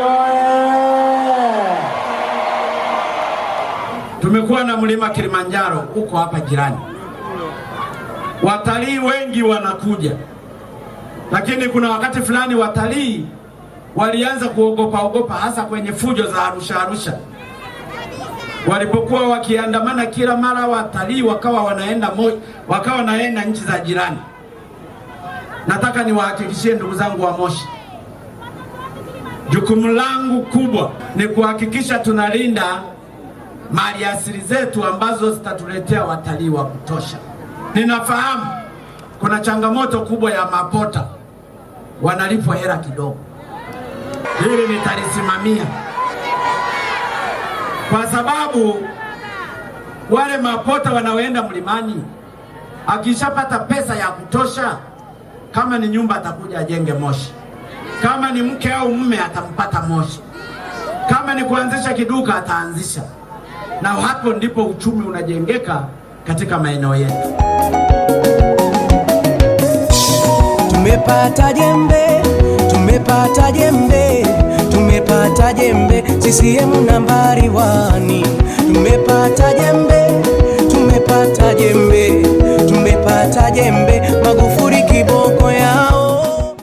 oye! Tumekuwa na mlima Kilimanjaro huko hapa jirani, watalii wengi wanakuja, lakini kuna wakati fulani watalii walianza kuogopa ogopa, hasa kwenye fujo za Arusha Arusha walipokuwa wakiandamana kila mara, watalii wakawa wanaenda mo, wakawa wanaenda nchi za jirani. Nataka niwahakikishie ndugu zangu wa Moshi Jukumu langu kubwa ni kuhakikisha tunalinda maliasili zetu ambazo zitatuletea watalii wa kutosha. Ninafahamu kuna changamoto kubwa ya mapota, wanalipwa hela kidogo. Hili nitalisimamia kwa sababu wale mapota wanaoenda mlimani akishapata pesa ya kutosha, kama ni nyumba atakuja ajenge Moshi. Kama ni mke au mume atampata moshi, kama ni kuanzisha kiduka ataanzisha, na hapo ndipo uchumi unajengeka katika maeneo yetu. Tumepata jembe, tumepata jembe, tumepata jembe, CCM nambari wani. Tumepata jembe, tumepata jembe, tumepata jembe, Magufuli kiboko yao.